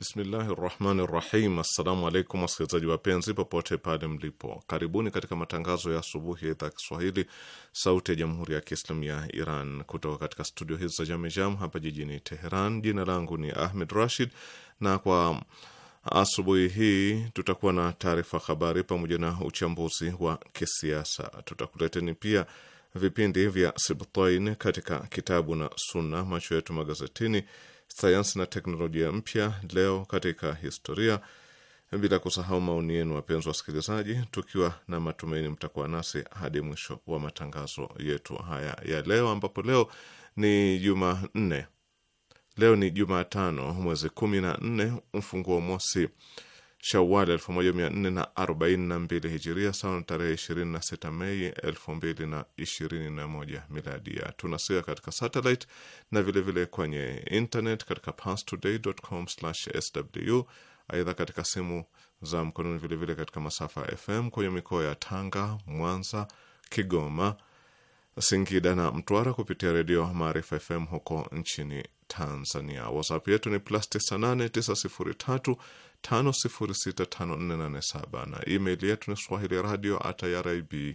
Bismillahi rahmani rahim. Assalamu alaikum wasikilizaji wapenzi, popote pale mlipo, karibuni katika matangazo ya asubuhi ya idhaa Kiswahili sauti ya jamhuri ya Kiislamu ya Iran kutoka katika studio hizi za Jamejam hapa jijini Teheran. Jina langu ni Ahmed Rashid na kwa asubuhi hii tutakuwa na taarifa habari pamoja na uchambuzi wa kisiasa. Tutakuleteni pia vipindi vya Sibtain katika kitabu na Sunna, macho yetu magazetini sayansi na teknolojia mpya, leo katika historia, bila kusahau maoni yenu, wapenzi wasikilizaji, tukiwa na matumaini mtakuwa nasi hadi mwisho wa matangazo yetu haya ya leo, ambapo leo ni Jumanne. Leo ni Jumatano, mwezi kumi na nne mfunguo mosi Shawal 1442 hijiria sawa na tarehe 26 Mei 2021 miladi. Tunasikia katika satellite na vilevile vile kwenye internet katika pastodaycom sw Aidha, katika simu za mkononi vilevile katika masafa ya FM kwenye mikoa ya Tanga, Mwanza, Kigoma, Singida na Mtwara kupitia redio Maarifa FM huko nchini Tanzania. WhatsApp yetu ni plus 98 903 5065487 na email yetu ni swahili radio at irib ir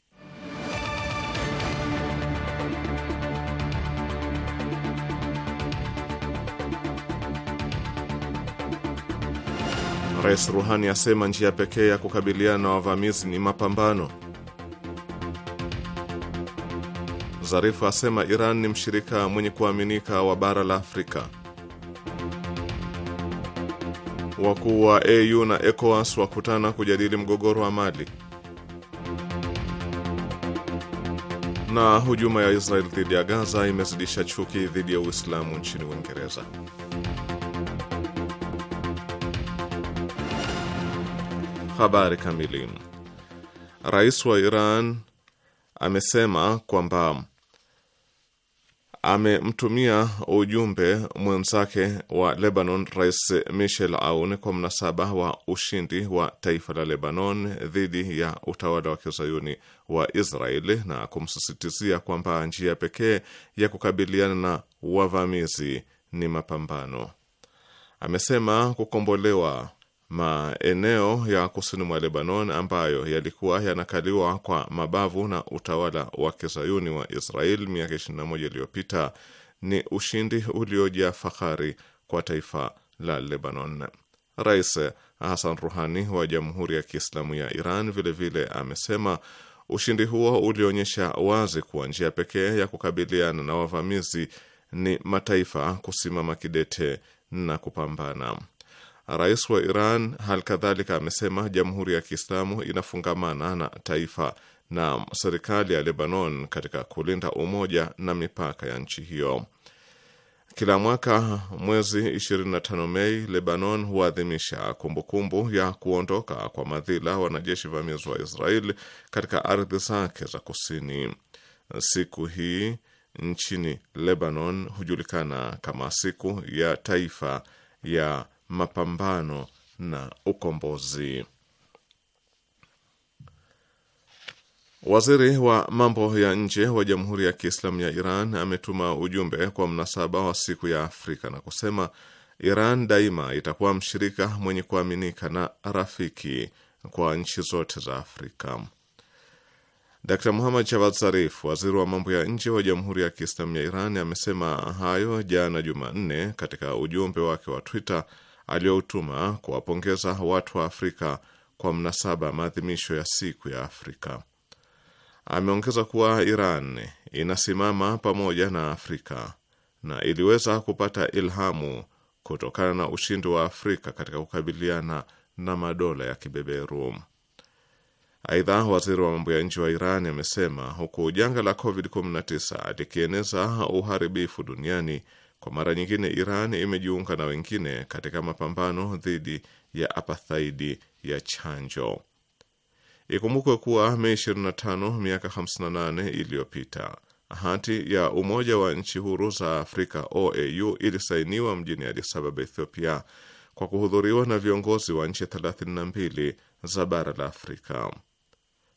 Rais Ruhani asema njia pekee ya kukabiliana na wavamizi ni mapambano. Zarifu asema Iran ni mshirika mwenye kuaminika wa bara la Afrika. Wakuu wa AU na ECOWAS wakutana kujadili mgogoro wa Mali. Na hujuma ya Israel dhidi ya Gaza imezidisha chuki dhidi ya Uislamu nchini Uingereza. Habari kamili. Rais wa Iran amesema kwamba amemtumia ujumbe mwenzake wa Lebanon Rais Michel Aoun kwa mnasaba wa ushindi wa taifa la Lebanon dhidi ya utawala wa kizayuni wa Israeli na kumsisitizia kwamba njia pekee ya kukabiliana na wavamizi ni mapambano. Amesema kukombolewa maeneo ya kusini mwa Lebanon ambayo yalikuwa yanakaliwa kwa mabavu na utawala wa kizayuni wa Israel miaka 21 iliyopita ni ushindi uliojaa fahari kwa taifa la Lebanon. Rais Hassan Ruhani wa Jamhuri ya Kiislamu ya Iran vilevile vile amesema ushindi huo ulionyesha wazi kuwa njia pekee ya kukabiliana na wavamizi ni mataifa kusimama kidete na kupambana. Rais wa Iran hali kadhalika amesema jamhuri ya Kiislamu inafungamana na taifa na serikali ya Lebanon katika kulinda umoja na mipaka ya nchi hiyo. Kila mwaka mwezi 25 Mei, Lebanon huadhimisha kumbukumbu ya kuondoka kwa madhila wanajeshi vamizi wa Israeli katika ardhi zake za kusini. Siku hii nchini Lebanon hujulikana kama siku ya taifa ya mapambano na ukombozi. Waziri wa mambo ya nje wa Jamhuri ya Kiislamu ya Iran ametuma ujumbe kwa mnasaba wa siku ya Afrika na kusema Iran daima itakuwa mshirika mwenye kuaminika na rafiki kwa nchi zote za Afrika. d Muhammad Javad Zarif, waziri wa mambo ya nje wa Jamhuri ya Kiislamu ya Iran, amesema hayo jana Jumanne katika ujumbe wake wa Twitter aliyoutuma kuwapongeza watu wa Afrika kwa mnasaba maadhimisho ya siku ya Afrika. Ameongeza kuwa Iran inasimama pamoja na Afrika na iliweza kupata ilhamu kutokana na ushindi wa Afrika katika kukabiliana na madola ya kibeberu. Aidha, waziri wa mambo ya nje wa Iran amesema huku janga la COVID-19 likieneza uharibifu duniani kwa mara nyingine, Iran imejiunga na wengine katika mapambano dhidi ya apathaidi ya chanjo. Ikumbukwe kuwa Mei 25 miaka 58 iliyopita hati ya Umoja wa Nchi Huru za Afrika OAU ilisainiwa mjini Addis Ababa, Ethiopia, kwa kuhudhuriwa na viongozi wa nchi 32 za bara la Afrika.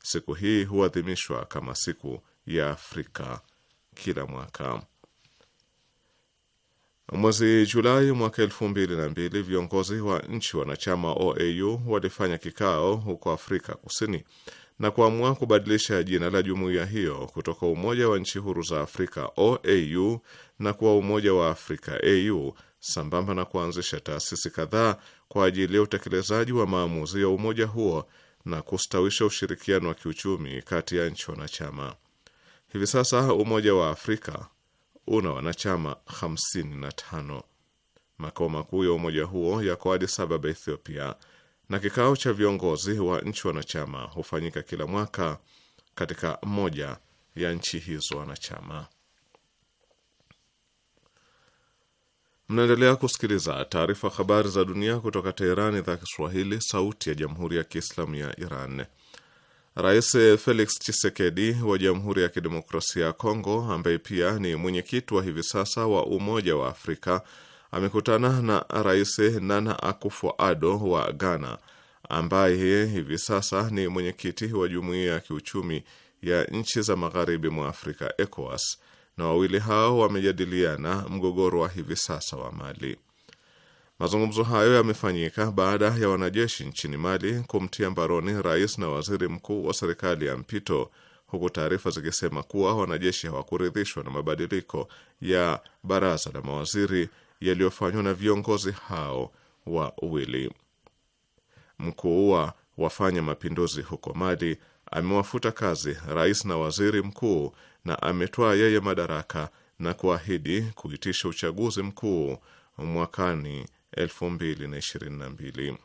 Siku hii huadhimishwa kama siku ya Afrika kila mwaka. Mwezi Julai mwaka elfu mbili na mbili viongozi wa nchi wanachama OAU walifanya kikao huko Afrika Kusini na kuamua kubadilisha jina la jumuiya hiyo kutoka Umoja wa Nchi Huru za Afrika OAU na kuwa Umoja wa Afrika AU sambamba na kuanzisha taasisi kadhaa kwa ajili ya utekelezaji wa maamuzi ya umoja huo na kustawisha ushirikiano wa kiuchumi kati ya nchi wanachama. Hivi sasa Umoja wa Afrika una wanachama 55. Makao makuu ya umoja huo yako Addis Ababa, Ethiopia, na kikao cha viongozi wa nchi wanachama hufanyika kila mwaka katika moja ya nchi hizo wanachama. Mnaendelea kusikiliza taarifa habari za dunia kutoka Teherani, idhaa Kiswahili, sauti ya jamhuri ya kiislamu ya Iran. Rais Felix Tshisekedi wa Jamhuri ya Kidemokrasia ya Kongo, ambaye pia ni mwenyekiti wa hivi sasa wa Umoja wa Afrika, amekutana na Rais Nana Akufo-Addo wa Ghana, ambaye hivi sasa ni mwenyekiti wa Jumuiya ya Kiuchumi ya Nchi za Magharibi mwa Afrika, ECOWAS, na wawili hao wamejadiliana mgogoro wa hivi sasa wa Mali. Mazungumzo hayo yamefanyika baada ya wanajeshi nchini Mali kumtia mbaroni rais na waziri mkuu wa serikali ya mpito, huku taarifa zikisema kuwa wanajeshi hawakuridhishwa na mabadiliko ya baraza la mawaziri yaliyofanywa na viongozi hao wa uwili Mkuu wa wafanya mapinduzi huko Mali amewafuta kazi rais na waziri mkuu na ametoa yeye madaraka na kuahidi kuitisha uchaguzi mkuu mwakani 2022.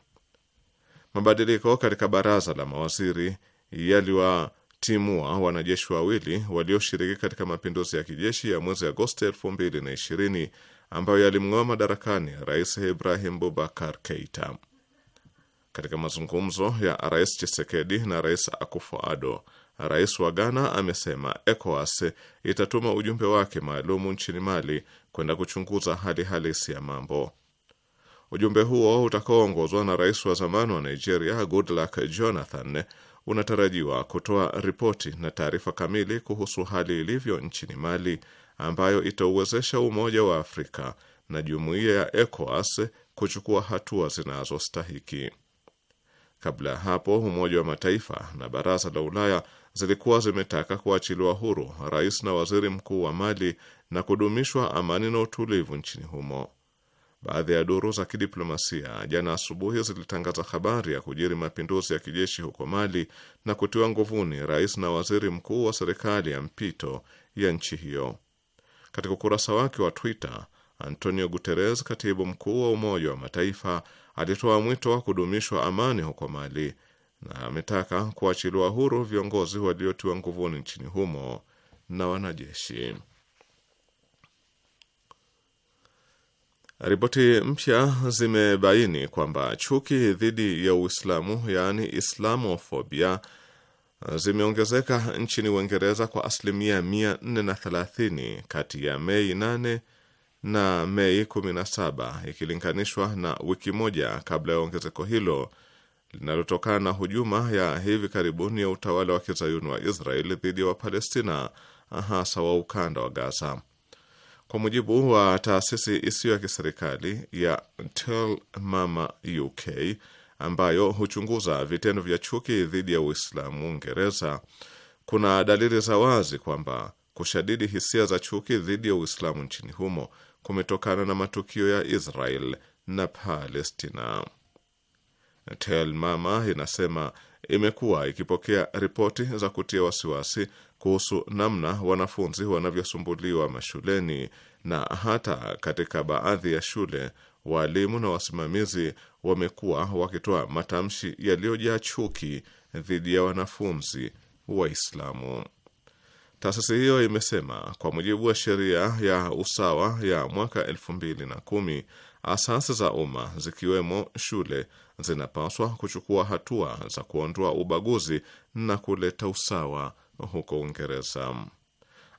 Mabadiliko katika baraza la mawaziri yaliwatimua wanajeshi wawili walioshiriki katika mapinduzi ya kijeshi ya mwezi Agosti 2020 ambayo yalimng'oa madarakani Rais Ibrahim Bubakar Keita. Katika mazungumzo ya Rais Chisekedi na Rais Akufo-Addo, Rais wa Ghana amesema ECOWAS itatuma ujumbe wake maalumu nchini Mali kwenda kuchunguza hali halisi ya mambo. Ujumbe huo utakaoongozwa na rais wa zamani wa Nigeria Goodluck Jonathan unatarajiwa kutoa ripoti na taarifa kamili kuhusu hali ilivyo nchini Mali ambayo itauwezesha Umoja wa Afrika na jumuiya ya ECOWAS kuchukua hatua zinazostahiki. Kabla ya hapo, Umoja wa Mataifa na Baraza la Ulaya zilikuwa zimetaka kuachiliwa huru rais na waziri mkuu wa Mali na kudumishwa amani na utulivu nchini humo. Baadhi ya duru za kidiplomasia jana asubuhi zilitangaza habari ya kujiri mapinduzi ya kijeshi huko Mali na kutiwa nguvuni rais na waziri mkuu wa serikali ya mpito ya nchi hiyo. Katika ukurasa wake wa Twitter, Antonio Guterres, katibu mkuu wa Umoja wa Mataifa, alitoa mwito wa kudumishwa amani huko Mali na ametaka kuachiliwa huru viongozi waliotiwa nguvuni nchini humo na wanajeshi. Ripoti mpya zimebaini kwamba chuki dhidi ya Uislamu, yaani islamofobia, zimeongezeka nchini Uingereza kwa asilimia 430 kati ya Mei 8 na Mei 17 ikilinganishwa na wiki moja kabla ya ongezeko hilo linalotokana na hujuma ya hivi karibuni ya utawala wa kizayuni wa israel dhidi ya Wapalestina, hasa wa ukanda wa Gaza. Kwa mujibu wa taasisi isiyo ya kiserikali ya Tell Mama UK ambayo huchunguza vitendo vya chuki dhidi ya Uislamu Uingereza, kuna dalili za wazi kwamba kushadidi hisia za chuki dhidi ya Uislamu nchini humo kumetokana na matukio ya Israel na Palestina. Tell Mama inasema imekuwa ikipokea ripoti za kutia wasiwasi kuhusu namna wanafunzi wanavyosumbuliwa mashuleni na hata katika baadhi ya shule waalimu na wasimamizi wamekuwa wakitoa matamshi yaliyojaa chuki dhidi ya wanafunzi Waislamu. Taasisi hiyo imesema kwa mujibu wa sheria ya usawa ya mwaka elfu mbili na kumi, asasi za umma zikiwemo shule zinapaswa kuchukua hatua za kuondoa ubaguzi na kuleta usawa huko Uingereza.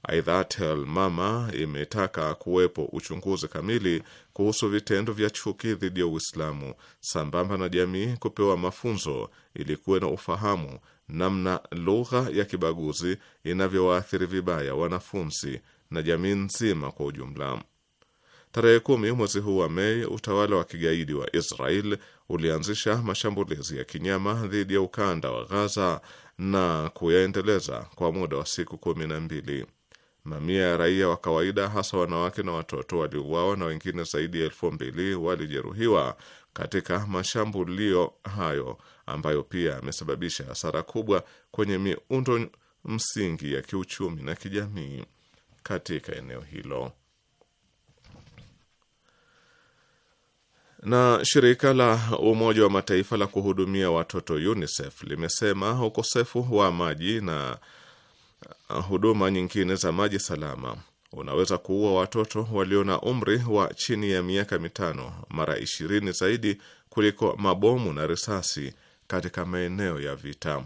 Aidha, Telmama imetaka kuwepo uchunguzi kamili kuhusu vitendo vya chuki dhidi ya Uislamu sambamba na jamii kupewa mafunzo ili kuwe na ufahamu namna lugha ya kibaguzi inavyowaathiri vibaya wanafunzi na jamii nzima kwa ujumla. Tarehe kumi mwezi huu wa Mei, utawala wa kigaidi wa Israel ulianzisha mashambulizi ya kinyama dhidi ya ukanda wa Ghaza na kuyaendeleza kwa muda wa siku kumi na mbili. Mamia ya raia wa kawaida hasa wanawake na watoto waliuawa na wengine zaidi ya elfu mbili walijeruhiwa katika mashambulio hayo ambayo pia yamesababisha hasara kubwa kwenye miundo msingi ya kiuchumi na kijamii katika eneo hilo. Na shirika la Umoja wa Mataifa la kuhudumia watoto UNICEF limesema ukosefu wa maji na uh, huduma nyingine za maji salama unaweza kuua watoto walio na umri wa chini ya miaka mitano mara ishirini zaidi kuliko mabomu na risasi katika maeneo ya vita.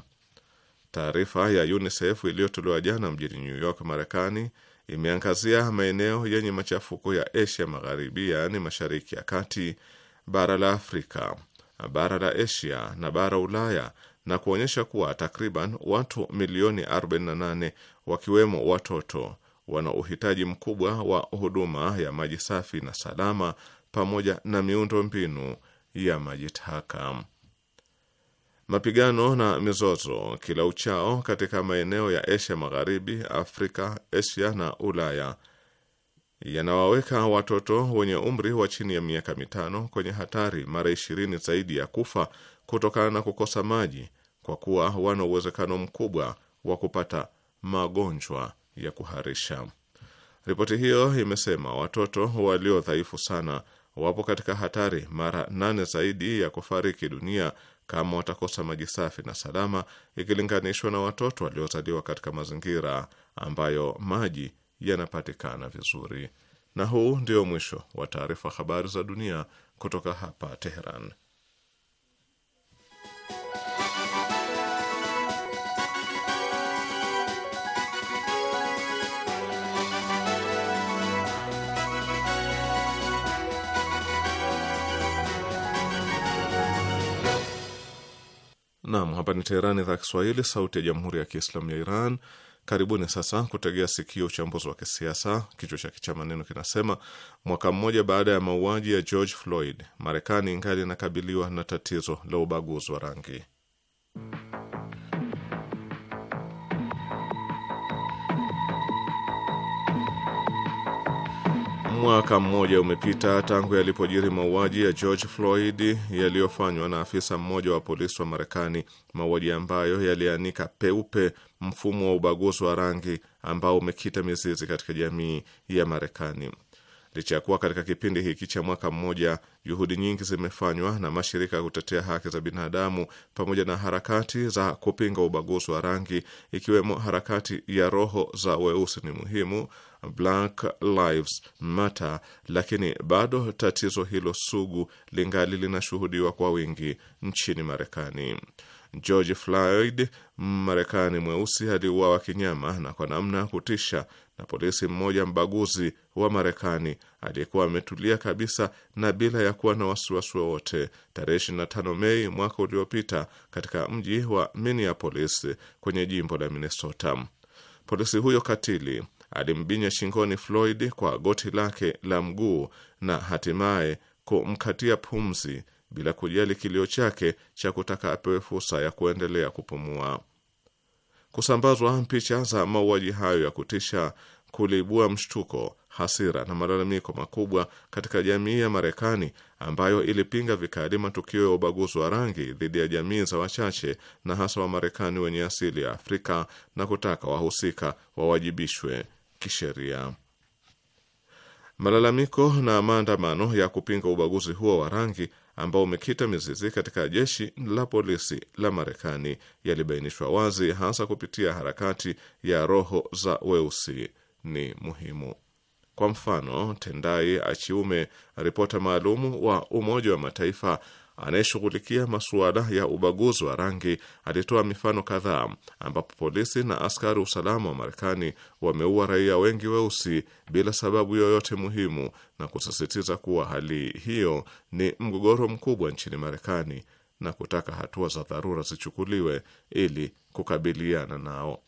Taarifa ya UNICEF iliyotolewa jana mjini New York, Marekani, imeangazia maeneo yenye machafuko ya Asia Magharibi, yaani Mashariki ya Kati bara la Afrika, bara la Asia na bara Ulaya na kuonyesha kuwa takriban watu milioni 48 wakiwemo watoto wana uhitaji mkubwa wa huduma ya maji safi na salama pamoja na miundo mbinu ya maji taka. Mapigano na mizozo kila uchao katika maeneo ya Asia Magharibi, Afrika, Asia na Ulaya yanawaweka watoto wenye umri wa chini ya miaka mitano kwenye hatari mara ishirini zaidi ya kufa kutokana na kukosa maji, kwa kuwa wana uwezekano mkubwa wa kupata magonjwa ya kuharisha. Ripoti hiyo imesema watoto walio dhaifu sana wapo katika hatari mara nane zaidi ya kufariki dunia kama watakosa maji safi na salama ikilinganishwa na watoto waliozaliwa katika mazingira ambayo maji yanapatikana vizuri. Na huu ndio mwisho wa taarifa habari za dunia kutoka hapa Teheran. Naam, hapa ni Teherani, idhaa Kiswahili, sauti ya jamhuri ya kiislamu ya Iran. Karibuni sasa kutegea sikio uchambuzi wa kisiasa. Kichwa chake cha maneno kinasema mwaka mmoja baada ya mauaji ya George Floyd, Marekani ingali inakabiliwa na tatizo la ubaguzi wa rangi. Mwaka mmoja umepita tangu yalipojiri mauaji ya George Floyd yaliyofanywa na afisa mmoja wa polisi wa Marekani, mauaji ambayo yalianika peupe mfumo wa ubaguzi wa rangi ambao umekita mizizi katika jamii ya Marekani. Licha ya kuwa katika kipindi hiki cha mwaka mmoja juhudi nyingi zimefanywa na mashirika ya kutetea haki za binadamu pamoja na harakati za kupinga ubaguzi wa rangi, ikiwemo harakati ya roho za weusi ni muhimu, Black Lives Matter, lakini bado tatizo hilo sugu lingali linashuhudiwa kwa wingi nchini Marekani. George Floyd, Marekani mweusi, aliuawa kinyama na kwa namna ya kutisha na polisi mmoja mbaguzi wa Marekani aliyekuwa ametulia kabisa na bila ya kuwa na wasiwasi wowote tarehe 25 Mei mwaka uliopita katika mji wa Minneapolis kwenye jimbo la Minnesota. Polisi huyo katili alimbinya shingoni Floyd kwa goti lake la mguu na hatimaye kumkatia pumzi bila kujali kilio chake cha kutaka apewe fursa ya kuendelea kupumua. Kusambazwa picha za mauaji hayo ya kutisha kuliibua mshtuko, hasira na malalamiko makubwa katika jamii ya Marekani ambayo ilipinga vikali matukio ya ubaguzi wa rangi dhidi ya jamii za wachache na hasa Wamarekani wenye asili ya Afrika na kutaka wahusika wawajibishwe kisheria. Malalamiko na maandamano ya kupinga ubaguzi huo wa rangi ambao umekita mizizi katika jeshi la polisi la Marekani yalibainishwa wazi, hasa kupitia harakati ya roho za weusi ni muhimu. Kwa mfano, Tendai Achiume, ripota maalumu wa Umoja wa Mataifa anayeshughulikia masuala ya ubaguzi wa rangi alitoa mifano kadhaa ambapo polisi na askari usalama wa Marekani wameua raia wengi weusi bila sababu yoyote muhimu na kusisitiza kuwa hali hiyo ni mgogoro mkubwa nchini Marekani na kutaka hatua za dharura zichukuliwe ili kukabiliana nao.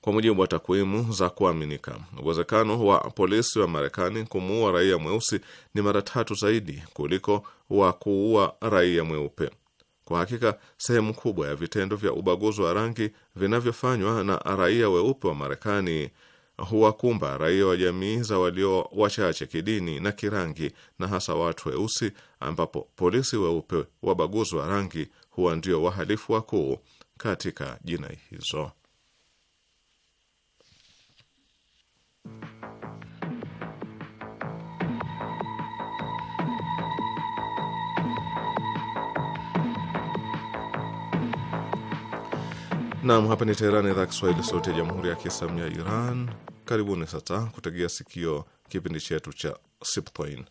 Kwa mujibu wa takwimu za kuaminika, uwezekano wa polisi wa Marekani kumuua raia mweusi ni mara tatu zaidi kuliko wa kuua raia mweupe. Kwa hakika, sehemu kubwa ya vitendo vya ubaguzi wa rangi vinavyofanywa na raia weupe wa Marekani huwakumba raia wa jamii za walio wachache kidini na kirangi, na hasa watu weusi, ambapo polisi weupe wabaguzi wa rangi huwa ndio wahalifu wakuu katika jinai hizo. Nam, hapa ni teheran idhaa Kiswahili, sauti ya jamhuri ya kiislamu ya Iran. Karibuni sasa kutegea sikio kipindi chetu cha Siptoin.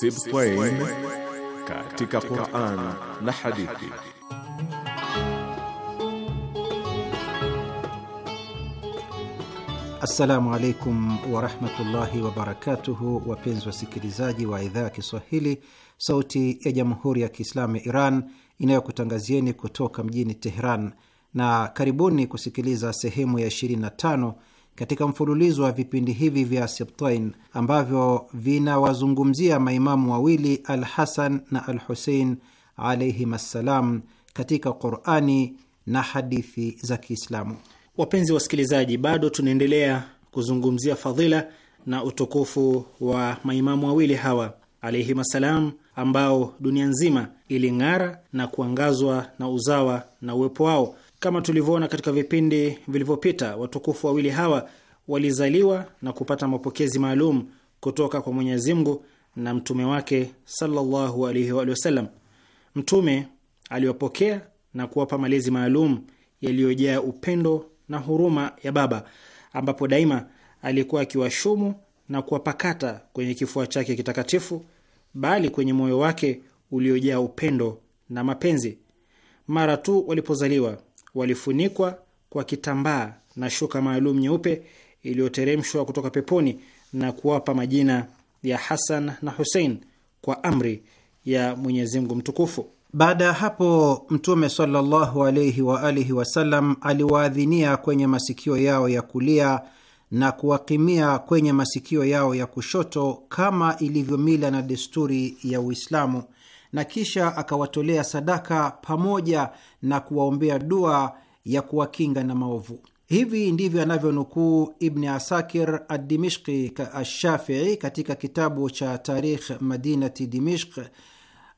Sibtain katika Qur'an na hadithi. Assalamu alaikum warahmatullahi wabarakatuhu, wapenzi wasikilizaji wa idhaa ya Kiswahili sauti ya jamhuri ya Kiislamu ya Iran inayokutangazieni kutoka mjini Teheran, na karibuni kusikiliza sehemu ya 25 katika mfululizo wa vipindi hivi vya Sibtain ambavyo vinawazungumzia maimamu wawili Al Hasan na Al Husein alaihim assalam katika Qurani na hadithi za Kiislamu. Wapenzi wasikilizaji, bado tunaendelea kuzungumzia fadhila na utukufu wa maimamu wawili hawa alaihim assalam, ambao dunia nzima iling'ara na kuangazwa na uzawa na uwepo wao kama tulivyoona katika vipindi vilivyopita, watukufu wawili hawa walizaliwa na kupata mapokezi maalum kutoka kwa Mwenyezi Mungu na mtume wake sallallahu alaihi wa sallam. Mtume aliwapokea na kuwapa malezi maalum yaliyojaa upendo na huruma ya baba, ambapo daima alikuwa akiwashumu na kuwapakata kwenye kifua chake kitakatifu, bali kwenye moyo wake uliojaa upendo na mapenzi. Mara tu walipozaliwa, walifunikwa kwa kitambaa na shuka maalum nyeupe iliyoteremshwa kutoka peponi na kuwapa majina ya Hasan na Husein kwa amri ya Mwenyezi Mungu mtukufu. Baada ya hapo Mtume sallallahu alaihi wa alihi wasallam aliwaadhinia kwenye masikio yao ya kulia na kuwakimia kwenye masikio yao ya kushoto kama ilivyo mila na desturi ya Uislamu na kisha akawatolea sadaka pamoja na kuwaombea dua ya kuwakinga na maovu. Hivi ndivyo anavyonukuu Ibni Asakir Adimishki Ashafii katika kitabu cha Tarikh Madinati Dimishk.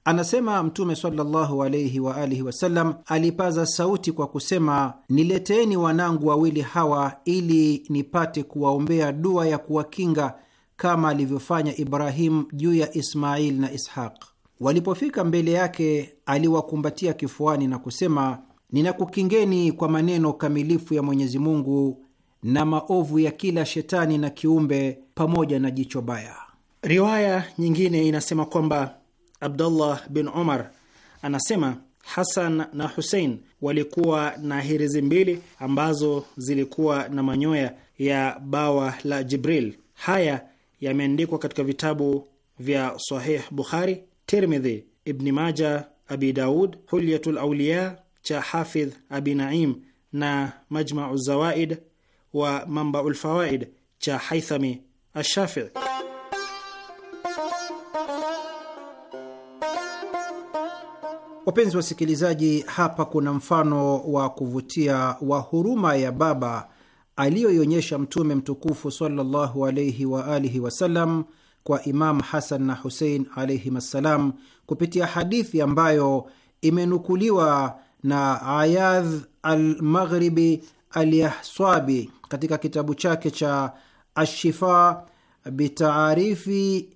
Anasema Mtume sallallahu wa alihi wasallam alipaza sauti kwa kusema, nileteeni wanangu wawili hawa ili nipate kuwaombea dua ya kuwakinga kama alivyofanya Ibrahimu juu ya Ismail na Ishaq. Walipofika mbele yake, aliwakumbatia kifuani na kusema, ninakukingeni kwa maneno kamilifu ya Mwenyezi Mungu na maovu ya kila shetani na kiumbe pamoja na jicho baya. Riwaya nyingine inasema kwamba Abdullah bin Omar anasema Hasan na Husein walikuwa na hirizi mbili ambazo zilikuwa na manyoya ya bawa la Jibril. Haya yameandikwa katika vitabu vya Sahih Bukhari Tirmidhi, Ibni Maja, Abi Daud, Hulyatul Auliya cha Hafidh Abi Naim na Majmau Zawaid wa Mambaul Fawaid cha Haithami Ashafii. Wapenzi wasikilizaji, hapa kuna mfano wa kuvutia wa huruma ya baba aliyoionyesha Mtume mtukufu sallallahu alaihi wa alihi wasallam kwa Imamu Hasan na Husein alaihim assalam kupitia hadithi ambayo imenukuliwa na Ayadh Almaghribi Alyahswabi katika kitabu chake cha Ashifa bitaarifi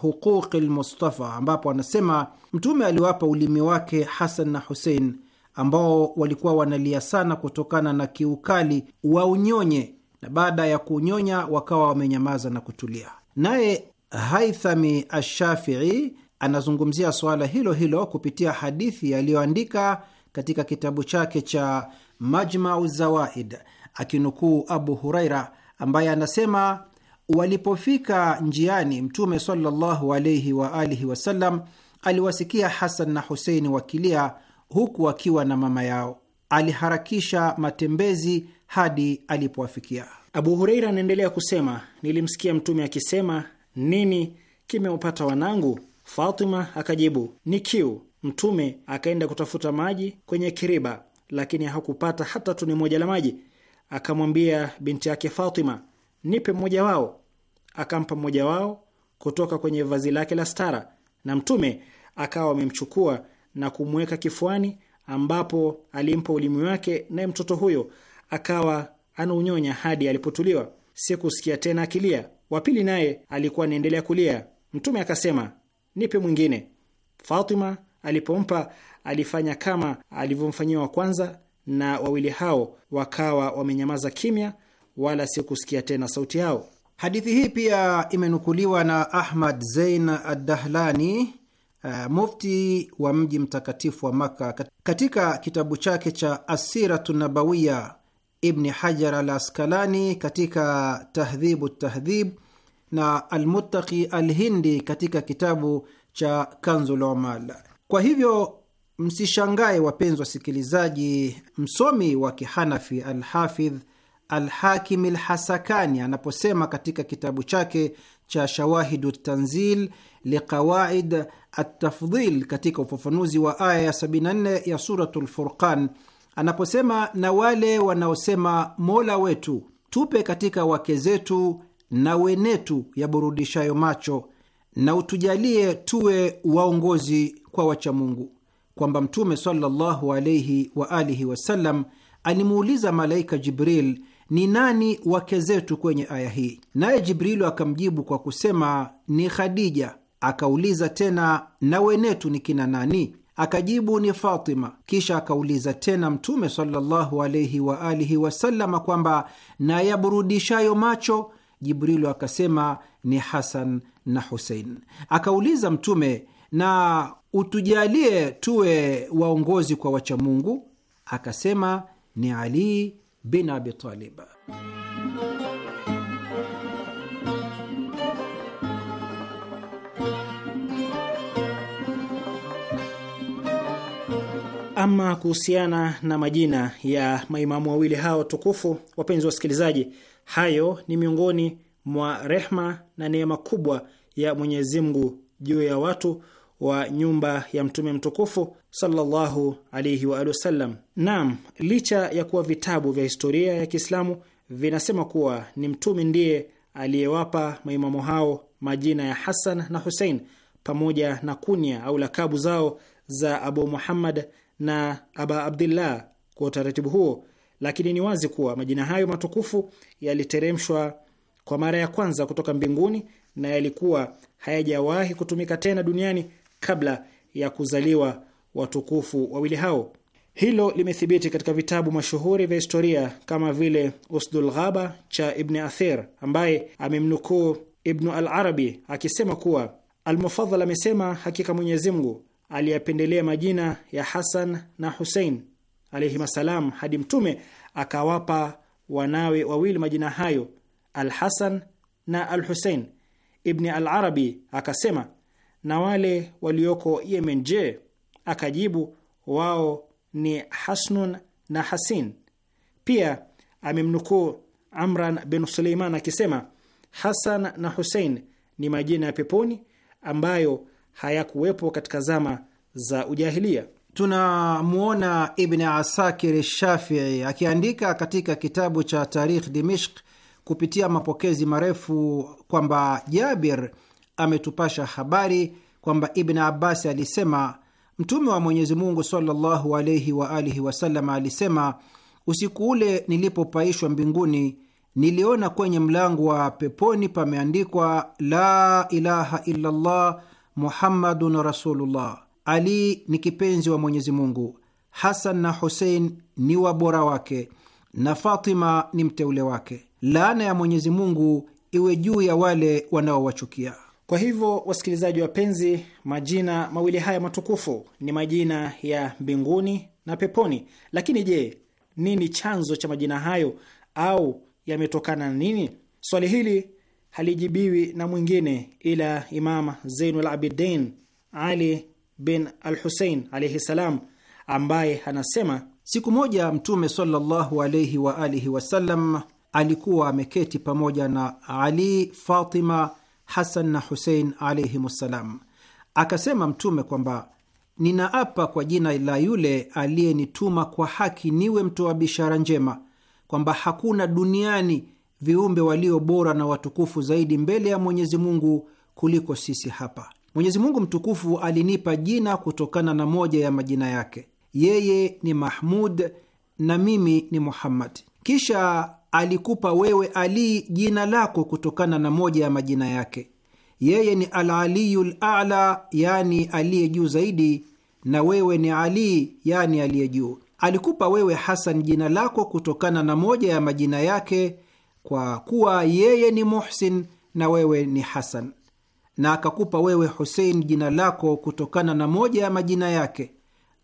huquqi lmustafa, ambapo anasema Mtume aliwapa ulimi wake Hasan na Husein ambao walikuwa wanalia sana kutokana na kiukali wa unyonye, na baada ya kunyonya wakawa wamenyamaza na kutulia. Naye Haithami Ashafii anazungumzia suala hilo hilo kupitia hadithi aliyoandika katika kitabu chake cha Majmau Zawaid akinukuu Abu Huraira ambaye anasema walipofika njiani, Mtume sallallahu alaihi wa alihi wasallam aliwasikia Hasan na Huseini wakilia huku wakiwa na mama yao. Aliharakisha matembezi hadi alipowafikia. Abu Hureira anaendelea kusema, nilimsikia Mtume akisema nini kimeupata wanangu? Fatima akajibu ni kiu. Mtume akaenda kutafuta maji kwenye kiriba, lakini hakupata hata tuni moja la maji. Akamwambia binti yake Fatima, nipe mmoja wao. Akampa mmoja wao kutoka kwenye vazi lake la stara, na Mtume akawa amemchukua na kumweka kifuani, ambapo alimpa ulimi wake, naye mtoto huyo akawa anaunyonya hadi alipotuliwa sikusikia tena akilia. Wa pili naye alikuwa anaendelea kulia. Mtume akasema, nipe mwingine. Fatima alipompa alifanya kama alivyomfanyia wa kwanza, na wawili hao wakawa wamenyamaza kimya, wala sikusikia tena sauti yao. Hadithi hii pia imenukuliwa na Ahmad Zein adahlani uh, eh, mufti wa mji mtakatifu wa Makka, katika kitabu chake cha Asiratu Nabawiya Ibni Hajar al Askalani katika Tahdhibu Tahdhib na Almuttaqi Alhindi katika kitabu cha Kanzul Umal. Kwa hivyo msishangae, wapenzi wasikilizaji, msomi wa Kihanafi Alhafidh Alhakim Alhasakani anaposema katika kitabu chake cha Shawahidu Tanzil Liqawaid Atafdhil katika ufafanuzi wa aya ya 74 ya Suratu Lfurqan anaposema, na wale wanaosema Mola wetu, tupe katika wake zetu na wenetu burudishayo macho na utujalie tuwe waongozi kwa wachamungu, kwamba Mtume sallallahu alaihi wa alihi wasallam alimuuliza malaika Jibril ni nani wake zetu kwenye aya hii, naye Jibrilu akamjibu kwa kusema ni Khadija. Akauliza tena na wenetu ni kina nani? Akajibu, ni Fatima. Kisha akauliza tena Mtume sallallahu alaihi waalihi wasallama kwamba na yaburudishayo macho. Jibrilu akasema ni Hasan na Husein. Akauliza Mtume, na utujalie tuwe waongozi kwa wachamungu? Akasema ni Ali bin Abi Talib. Ama kuhusiana na majina ya maimamu wawili hao tukufu, wapenzi wasikilizaji, hayo ni miongoni mwa rehma na neema kubwa ya Mwenyezi Mungu juu ya watu wa nyumba ya mtume mtukufu sallallahu alaihi wa wasallam. Naam, licha ya kuwa vitabu vya historia ya Kiislamu vinasema kuwa ni mtume ndiye aliyewapa maimamu hao majina ya hasan na husein pamoja na kunya au lakabu zao za Abu Muhammad na Aba Abdillah kwa utaratibu huo, lakini ni wazi kuwa majina hayo matukufu yaliteremshwa kwa mara ya kwanza kutoka mbinguni na yalikuwa hayajawahi kutumika tena duniani kabla ya kuzaliwa watukufu wawili hao. Hilo limethibiti katika vitabu mashuhuri vya historia kama vile Usdul Ghaba cha Ibni Athir, ambaye amemnukuu Ibnu al Arabi akisema kuwa Almufadhal amesema, hakika Mwenyezi Mungu aliyapendelea majina ya Hasan na Husein assalam hadi Mtume akawapa wanawe wawili majina hayo, al Hasan na al Husein. Ibni al Arabi akasema, na wale walioko Yemen je? Akajibu, wao ni Hasnun na Hasin. Pia amemnukuu Amran bin Suleiman akisema, Hasan na Husein ni majina ya peponi ambayo hayakuwepo katika zama za ujahilia. Tunamwona Ibn Asakir Shafii akiandika katika kitabu cha Tarikh Dimishk kupitia mapokezi marefu kwamba Jabir ametupasha habari kwamba Ibn Abbas alisema Mtume wa Mwenyezi Mungu sallallahu wa alihi wasallam alisema, usiku ule nilipopaishwa mbinguni niliona kwenye mlango wa peponi pameandikwa la ilaha illallah Muhammadun Rasulullah. Ali ni kipenzi wa Mwenyezi Mungu, Hasan na Husein ni wabora wake, na Fatima ni mteule wake. Laana ya Mwenyezi Mungu iwe juu ya wale wanaowachukia. Kwa hivyo, wasikilizaji wapenzi, majina mawili haya matukufu ni majina ya mbinguni na peponi. Lakini je, nini chanzo cha majina hayo au yametokana na nini? Swali hili halijibiwi na mwingine ila Imam Zainul Abidin Ali bin al Husein alaihi salam, ambaye anasema siku moja Mtume sallallahu alaihi wa alihi wasallam alikuwa ameketi pamoja na Ali, Fatima, Hasan na Husein alaihim ssalam. Akasema Mtume kwamba ninaapa kwa jina la yule aliyenituma kwa haki niwe mtoa bishara njema kwamba hakuna duniani viumbe walio bora na watukufu zaidi mbele ya Mwenyezi Mungu kuliko sisi hapa. Mwenyezi Mungu mtukufu alinipa jina kutokana na moja ya majina yake. Yeye ni Mahmud na mimi ni Muhammad. Kisha alikupa wewe Ali jina lako kutokana na moja ya majina yake. Yeye ni Al-Aliyul A'la, yani aliye juu zaidi, na wewe ni Ali, yani aliye juu. Alikupa wewe Hasan jina lako kutokana na moja ya majina yake kwa kuwa yeye ni Muhsin na wewe ni Hasan, na akakupa wewe Husein jina lako kutokana na moja ya majina yake,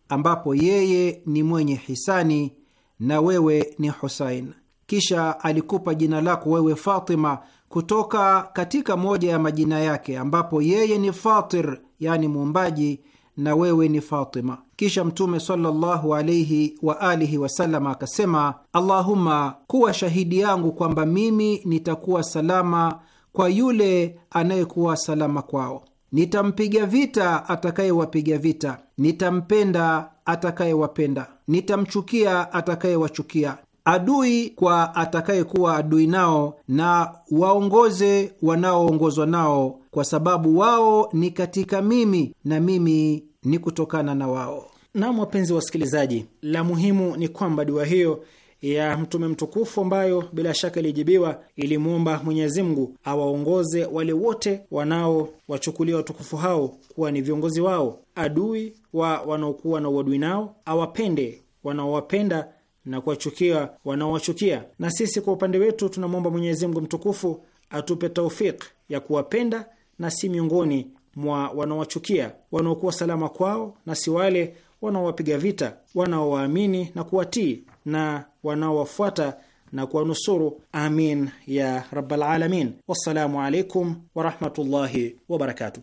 ambapo yeye ni mwenye hisani na wewe ni Husain. Kisha alikupa jina lako wewe Fatima kutoka katika moja ya majina yake, ambapo yeye ni Fatir, yani muumbaji na wewe ni Fatima. Kisha Mtume sallallahu alaihi wa alihi wasallam akasema, Allahumma, kuwa shahidi yangu kwamba mimi nitakuwa salama kwa yule anayekuwa salama kwao, nitampiga vita atakayewapiga vita, nitampenda atakayewapenda, nitamchukia atakayewachukia adui kwa atakayekuwa adui nao, na waongoze wanaoongozwa nao, kwa sababu wao ni katika mimi na mimi ni kutokana na wao. Naam, wapenzi wasikilizaji, la muhimu ni kwamba dua hiyo ya mtume mtukufu ambayo bila shaka ilijibiwa, ilimwomba Mwenyezi Mungu awaongoze wale wote wanaowachukulia watukufu hao kuwa ni viongozi wao, adui wa wanaokuwa na uadui nao, awapende wanaowapenda na kuwachukia wanaowachukia. Na sisi kwa upande wetu tunamwomba Mwenyezi Mungu mtukufu atupe taufik ya kuwapenda na si miongoni mwa wanaowachukia, wanaokuwa salama kwao na si wale wanaowapiga vita, wanaowaamini na kuwatii, na wanaowafuata na kuwanusuru. Amin ya rabbal alamin. Wassalamu alaikum warahmatullahi wabarakatuh.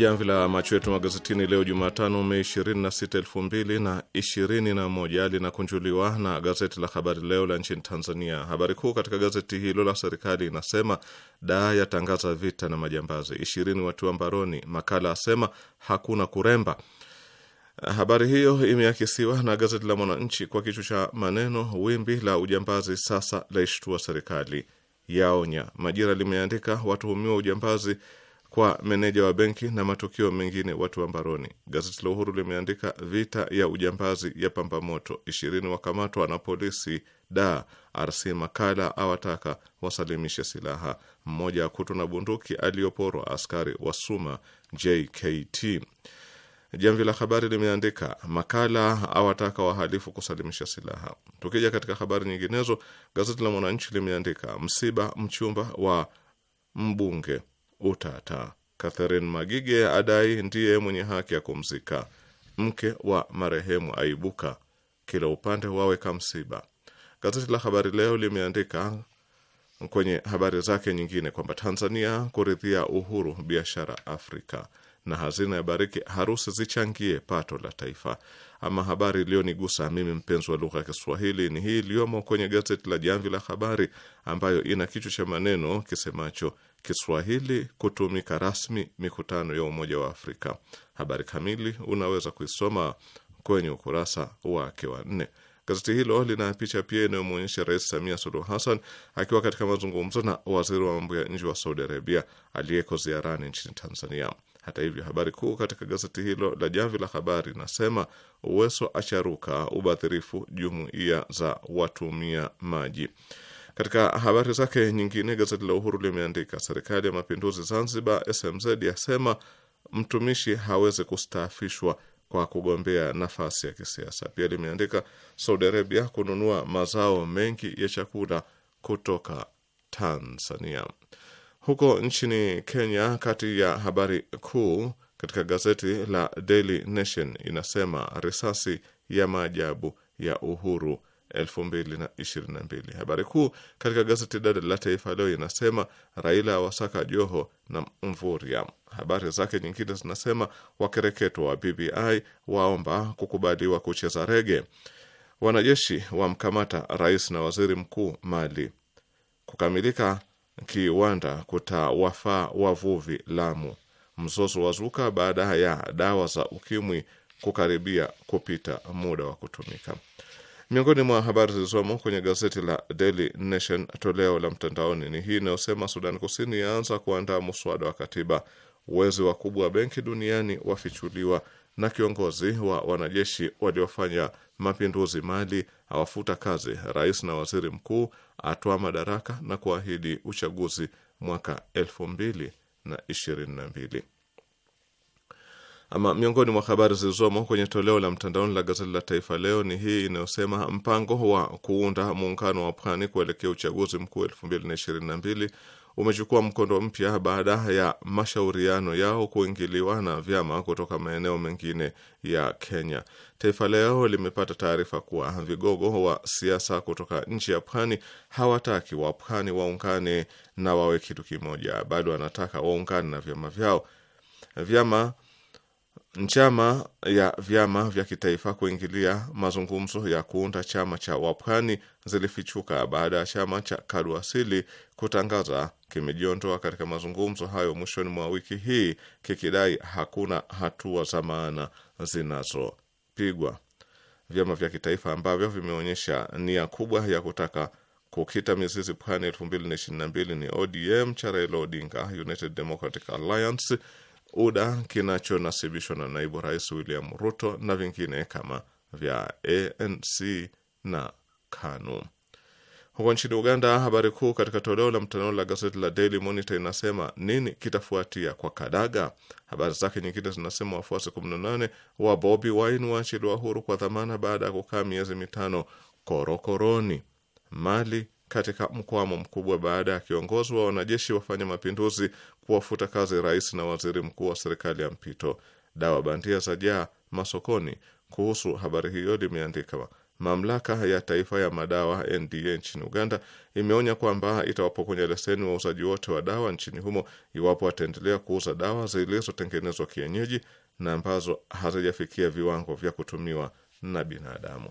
Jamvi la macho yetu magazetini leo Jumatano, Mei 26, 2021 linakunjuliwa na gazeti la Habari Leo la nchini Tanzania. Habari kuu katika gazeti hilo la serikali inasema daa yatangaza vita na majambazi, ishirini watiwa mbaroni, makala asema hakuna kuremba. Habari hiyo imeakisiwa na gazeti la Mwananchi kwa kichwa cha maneno, wimbi la ujambazi sasa laishtua serikali, yaonya. Majira limeandika watuhumiwa ujambazi kwa meneja wa benki na matukio mengine watu wa mbaroni. Gazeti la Uhuru limeandika vita ya ujambazi ya pamba moto, ishirini wakamatwa na polisi da RC Makala awataka wasalimishe silaha, mmoja akutwa na bunduki aliyoporwa askari wa Suma JKT. Jamvi la Habari limeandika Makala awataka wahalifu kusalimisha silaha. Tukija katika habari nyinginezo, gazeti la Mwananchi limeandika msiba mchumba wa mbunge utata. Catherine Magige adai ndiye mwenye haki ya kumzika. Mke wa marehemu aibuka, kila upande waweka msiba. Gazeti la Habari Leo limeandika kwenye habari zake nyingine kwamba Tanzania kuridhia uhuru biashara Afrika na hazina ya bariki harusi zichangie pato la taifa. Ama habari iliyonigusa mimi mpenzi wa lugha ya Kiswahili ni hii iliyomo kwenye gazeti la Jamvi la Habari ambayo ina kichwa cha maneno kisemacho Kiswahili kutumika rasmi mikutano ya Umoja wa Afrika. Habari kamili unaweza kuisoma kwenye ukurasa wake wa nne. Gazeti hilo lina picha pia inayomwonyesha Rais Samia Suluhu Hassan akiwa katika mazungumzo na waziri wa mambo ya nje wa Saudi Arabia aliyeko ziarani nchini Tanzania. Hata hivyo, habari kuu katika gazeti hilo la Jamvi la Habari inasema Uweso acharuka ubadhirifu jumuiya za watumia maji. Katika habari zake nyingine, gazeti la Uhuru limeandika serikali ya mapinduzi Zanzibar SMZ yasema mtumishi hawezi kustaafishwa kwa kugombea nafasi ya kisiasa. Pia limeandika Saudi Arabia kununua mazao mengi ya chakula kutoka Tanzania. Huko nchini Kenya, kati ya habari kuu katika gazeti la Daily Nation inasema risasi ya maajabu ya Uhuru 2022. Habari kuu katika gazeti dada la Taifa Leo inasema Raila awasaka Joho na Mvurya. Habari zake nyingine zinasema wakereketwa wa BBI waomba kukubaliwa kucheza rege, wanajeshi wamkamata rais na waziri mkuu Mali, kukamilika kiwanda kutawafaa wavuvi Lamu, mzozo wazuka baada ya dawa za ukimwi kukaribia kupita muda wa kutumika. Miongoni mwa habari zilizomo kwenye gazeti la Daily Nation toleo la mtandaoni ni hii inayosema Sudan Kusini yaanza kuandaa muswada wa katiba, wezi wakubwa wa benki duniani wafichuliwa, na kiongozi wa wanajeshi waliofanya mapinduzi Mali awafuta kazi rais na waziri mkuu, atoa madaraka na kuahidi uchaguzi mwaka elfu mbili na ishirini na mbili. Ama miongoni mwa habari zilizomo kwenye toleo la mtandaoni la gazeti la Taifa Leo ni hii inayosema mpango wa kuunda muungano wa pwani kuelekea uchaguzi mkuu mbili umechukua mkondo mpya baada ya mashauriano yao kuingiliwa na vyama kutoka maeneo mengine ya Kenya. Taifa Leo limepata taarifa kuwa vigogo wa siasa kutoka nchi ya pwani hawataki wapwani waungane na wawe kitu kimoja, bado wanataka waungane na vyama vyao vyama Njama ya vyama vya kitaifa kuingilia mazungumzo ya kuunda chama cha Wapwani zilifichuka baada ya chama cha Kaduasili kutangaza kimejiondoa katika mazungumzo hayo mwishoni mwa wiki hii kikidai hakuna hatua za maana zinazopigwa. Vyama vya kitaifa ambavyo vimeonyesha nia kubwa ya kutaka kukita mizizi Pwani 2022 ni ODM cha Raila Odinga, United Democratic Alliance UDA kinachonasibishwa na naibu rais William Ruto na vingine kama vya ANC na KANU. Huko nchini Uganda, habari kuu katika toleo la mtandao la gazeti la Daily Monitor inasema nini kitafuatia kwa Kadaga. Habari zake nyingine zinasema wafuasi 18 wa Bobi Wine waachiliwa huru kwa dhamana baada ya kukaa miezi mitano korokoroni. Mali katika mkwamo mkubwa baada ya kiongozi wa wanajeshi wafanya mapinduzi kuwafuta kazi rais na waziri mkuu wa serikali ya mpito. Dawa bandia za jaa masokoni. Kuhusu habari hiyo limeandika mamlaka ya taifa ya madawa NDA nchini Uganda imeonya kwamba itawapokonya leseni wauzaji wote wa dawa nchini humo iwapo wataendelea kuuza dawa zilizotengenezwa kienyeji na ambazo hazijafikia viwango vya kutumiwa na binadamu.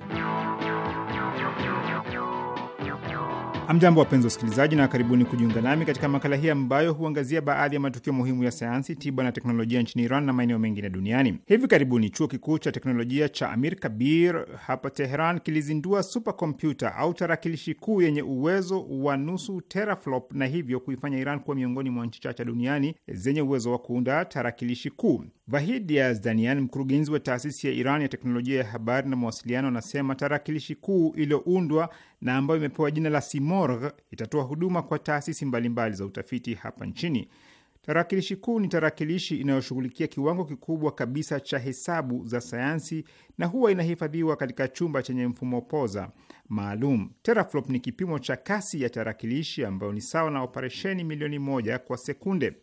Amjambo, wapenzi wasikilizaji, na karibuni kujiunga nami katika makala hii ambayo huangazia baadhi ya matukio muhimu ya sayansi, tiba na teknolojia nchini Iran na maeneo mengine duniani. Hivi karibuni chuo kikuu cha teknolojia cha Amir Kabir hapa Teheran kilizindua superkompyuta au tarakilishi kuu yenye uwezo wa nusu teraflop na hivyo kuifanya Iran kuwa miongoni mwa nchi chache duniani zenye uwezo wa kuunda tarakilishi kuu. Vahid Yazdanian, mkurugenzi wa taasisi ya Iran ya teknolojia ya habari na mawasiliano, anasema tarakilishi kuu iliyoundwa na ambayo imepewa jina la Simorgh itatoa huduma kwa taasisi mbalimbali za utafiti hapa nchini. Tarakilishi kuu ni tarakilishi inayoshughulikia kiwango kikubwa kabisa cha hesabu za sayansi na huwa inahifadhiwa katika chumba chenye mfumo poza maalum. Teraflop ni kipimo cha kasi ya tarakilishi ambayo ni sawa na operesheni milioni moja kwa sekunde.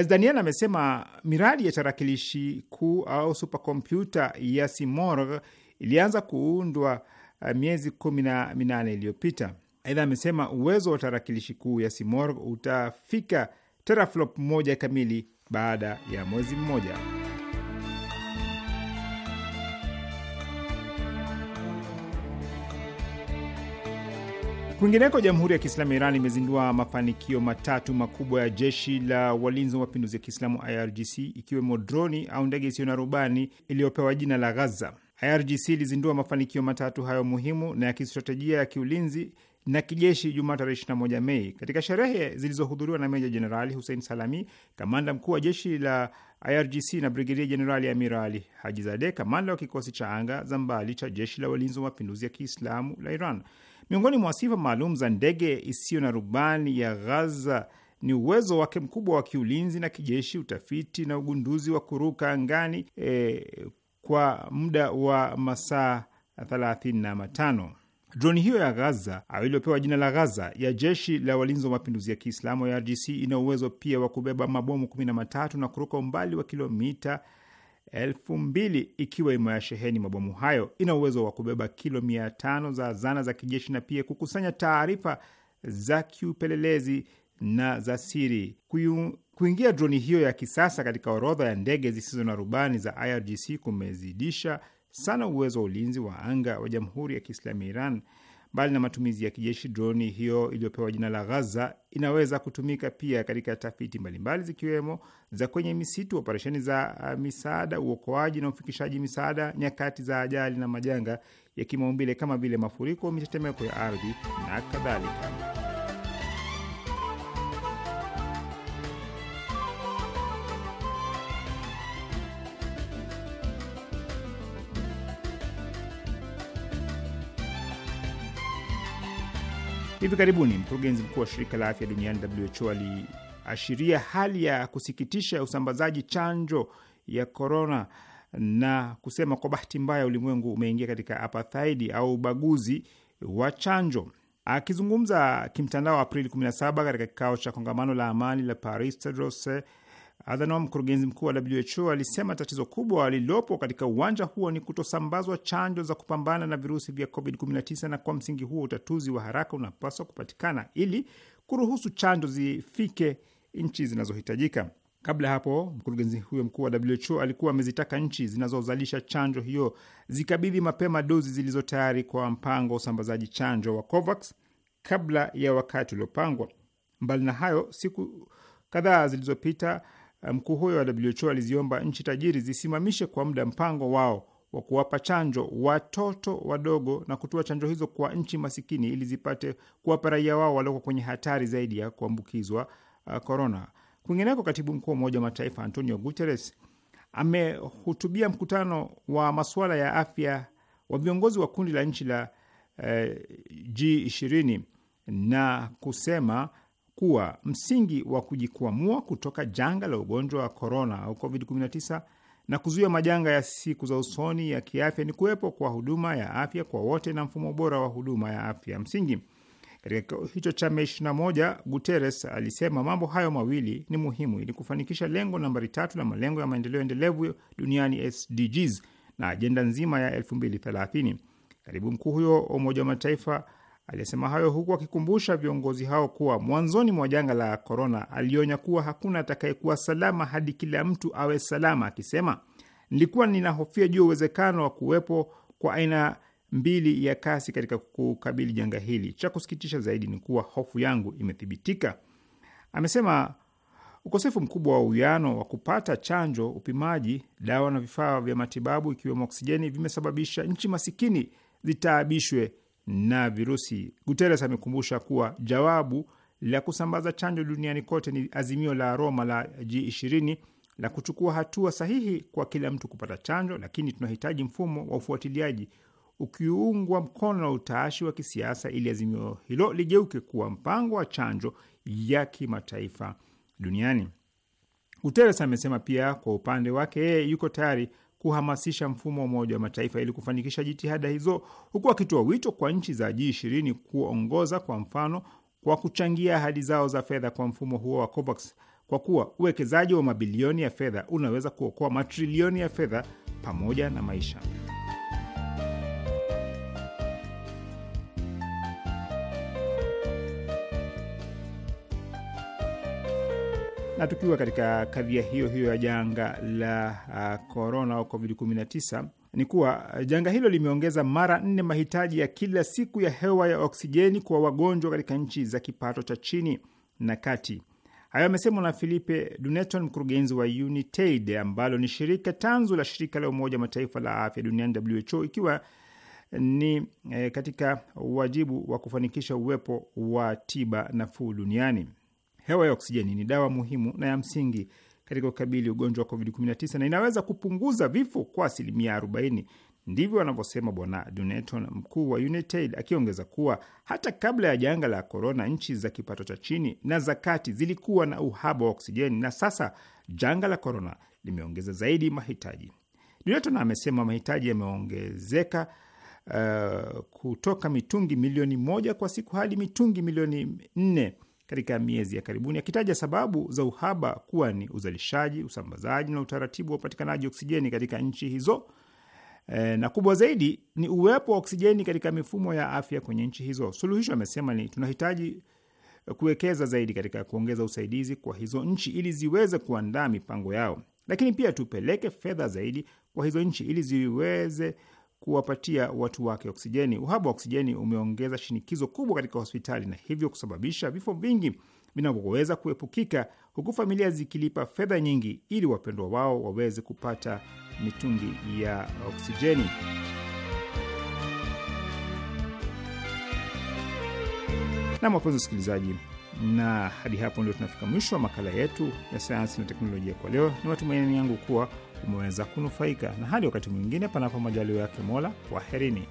Daniel amesema miradi ya tarakilishi kuu au supekompyuta ya simorg ilianza kuundwa uh, miezi kumi na minane iliyopita. Aidha amesema uwezo wa tarakilishi kuu ya Simorgh utafika teraflop moja kamili baada ya mwezi mmoja. Kwingineko, Jamhuri ya Kiislamu ya Iran imezindua mafanikio matatu makubwa ya jeshi la walinzi wa mapinduzi ya Kiislamu IRGC, ikiwemo droni au ndege isiyo na rubani iliyopewa jina la Ghaza. IRGC ilizindua mafanikio matatu hayo muhimu na ya kistratejia ya kiulinzi na kijeshi Jumaa tarehe 21 Mei katika sherehe zilizohudhuriwa na Meja Jenerali Hussein Salami, kamanda mkuu wa jeshi la IRGC na Brigedia Jenerali Amir Ali Hajizade, kamanda wa kikosi cha anga za mbali cha jeshi la walinzi wa mapinduzi ya Kiislamu la Iran. Miongoni mwa sifa maalum za ndege isiyo na rubani ya Ghaza ni uwezo wake mkubwa wa kiulinzi na kijeshi, utafiti na ugunduzi wa kuruka angani e, kwa muda wa masaa thelathini na matano. Droni hiyo ya Ghaza au iliyopewa jina la Ghaza ya jeshi la walinzi wa mapinduzi ya Kiislamu ya RGC ina uwezo pia wa kubeba mabomu kumi na matatu na kuruka umbali wa kilomita elfu mbili ikiwa imeyasheheni mabomu hayo. Ina uwezo wa kubeba kilo mia tano za zana za kijeshi na pia kukusanya taarifa za kiupelelezi na za siri. Kuingia droni hiyo ya kisasa katika orodha ya ndege zisizo na rubani za IRGC kumezidisha sana uwezo wa ulinzi wa anga wa Jamhuri ya Kiislamu ya Iran Mbali na matumizi ya kijeshi, droni hiyo iliyopewa jina la Ghaza inaweza kutumika pia katika tafiti mbalimbali zikiwemo za kwenye misitu, operesheni za uh, misaada, uokoaji na ufikishaji misaada nyakati za ajali na majanga ya kimaumbile kama vile mafuriko, mitetemeko ya ardhi na kadhalika. Hivi karibuni mkurugenzi mkuu wa shirika la afya duniani WHO aliashiria hali ya kusikitisha ya usambazaji chanjo ya korona na kusema kwa bahati mbaya ulimwengu umeingia katika apathaidi au ubaguzi wa chanjo. Akizungumza kimtandao Aprili 17 katika kikao cha kongamano la amani la Paris, Tedros Adhanom, mkurugenzi mkuu wa WHO, alisema tatizo kubwa lililopo katika uwanja huo ni kutosambazwa chanjo za kupambana na virusi vya COVID-19, na kwa msingi huo utatuzi wa haraka unapaswa kupatikana ili kuruhusu chanjo zifike nchi zinazohitajika. Kabla ya hapo, mkurugenzi huyo mkuu wa WHO alikuwa amezitaka nchi zinazozalisha chanjo hiyo zikabidhi mapema dozi zilizo tayari kwa mpango wa usambazaji chanjo wa COVAX kabla ya wakati uliopangwa. Mbali na hayo, siku kadhaa zilizopita mkuu huyo wa WHO aliziomba nchi tajiri zisimamishe kwa muda mpango wao wa kuwapa chanjo watoto wadogo na kutoa chanjo hizo kwa nchi masikini ili zipate kuwapa raia wao walioko kwenye hatari zaidi ya kuambukizwa korona. Uh, kwingineko, katibu mkuu wa Umoja wa Mataifa Antonio Guterres amehutubia mkutano wa masuala ya afya wa viongozi wa kundi la nchi la uh, G20 na kusema kuwa msingi wa kujikwamua kutoka janga la ugonjwa wa korona au COVID-19 na kuzuia majanga ya siku za usoni ya kiafya ni kuwepo kwa huduma ya afya kwa wote na mfumo bora wa huduma ya afya msingi. Katika kikao hicho cha Mei 21, Guterres alisema mambo hayo mawili ni muhimu ili kufanikisha lengo nambari tatu la malengo ya maendeleo endelevu duniani SDGs na ajenda nzima ya 2030. Katibu mkuu huyo wa Umoja wa Mataifa Aliyesema hayo huku akikumbusha viongozi hao kuwa mwanzoni mwa janga la korona alionya kuwa hakuna atakayekuwa salama hadi kila mtu awe salama, akisema nilikuwa ninahofia juu ya uwezekano wa kuwepo kwa aina mbili ya kasi katika kukabili janga hili. Cha kusikitisha zaidi ni kuwa hofu yangu imethibitika, amesema. Ukosefu mkubwa wa uwiano wa kupata chanjo, upimaji, dawa na vifaa vya matibabu ikiwemo oksijeni vimesababisha nchi masikini zitaabishwe na virusi. Guterres amekumbusha kuwa jawabu la kusambaza chanjo duniani kote ni azimio la Roma la G20 la kuchukua hatua sahihi kwa kila mtu kupata chanjo, lakini tunahitaji mfumo wa ufuatiliaji ukiungwa mkono na utaashi wa kisiasa ili azimio hilo ligeuke kuwa mpango wa chanjo ya kimataifa duniani. Guterres amesema pia kwa upande wake yeye yuko tayari kuhamasisha mfumo wa Umoja wa Mataifa ili kufanikisha jitihada hizo, huku akitoa wito kwa nchi za ji ishirini kuongoza kwa mfano kwa kuchangia ahadi zao za fedha kwa mfumo huo wa COVAX kwa kuwa uwekezaji wa mabilioni ya fedha unaweza kuokoa matrilioni ya fedha pamoja na maisha. Na tukiwa katika kavia hiyo hiyo ya janga la korona uh, au covid-19 ni kuwa uh, janga hilo limeongeza mara nne mahitaji ya kila siku ya hewa ya oksijeni kwa wagonjwa katika nchi za kipato cha chini na kati. Hayo amesemwa na Filipe Duneton, mkurugenzi wa Unitaid ambalo ni shirika tanzu la shirika la Umoja Mataifa la afya duniani WHO, ikiwa ni eh, katika wajibu wa kufanikisha uwepo wa tiba nafuu duniani. Hewa ya oksijeni ni dawa muhimu na ya msingi katika kukabili ugonjwa wa COVID-19 na inaweza kupunguza vifo kwa asilimia 40. Ndivyo wanavyosema Bwana Duneton, mkuu wa United, akiongeza kuwa hata kabla ya janga la korona, nchi za kipato cha chini na za kati zilikuwa na uhaba wa oksijeni na sasa janga la korona limeongeza zaidi mahitaji. Duneton amesema mahitaji yameongezeka uh, kutoka mitungi milioni moja kwa siku hadi mitungi milioni nne katika miezi ya karibuni, akitaja sababu za uhaba kuwa ni uzalishaji, usambazaji na utaratibu wa upatikanaji oksijeni katika nchi hizo e, na kubwa zaidi ni uwepo wa oksijeni katika mifumo ya afya kwenye nchi hizo. Suluhisho amesema ni tunahitaji kuwekeza zaidi katika kuongeza usaidizi kwa hizo nchi ili ziweze kuandaa mipango yao, lakini pia tupeleke fedha zaidi kwa hizo nchi ili ziweze kuwapatia watu wake oksijeni. Uhaba wa oksijeni umeongeza shinikizo kubwa katika hospitali na hivyo kusababisha vifo vingi vinavyoweza kuepukika, huku familia zikilipa fedha nyingi ili wapendwa wao waweze kupata mitungi ya oksijeni. Na wapenzi wasikilizaji, na hadi hapo ndio tunafika mwisho wa makala yetu ya sayansi na teknolojia kwa leo. Ni matumaini yangu kuwa umeweza kunufaika. Na hadi wakati mwingine, panapo majaliwa yake Mola, kwaherini.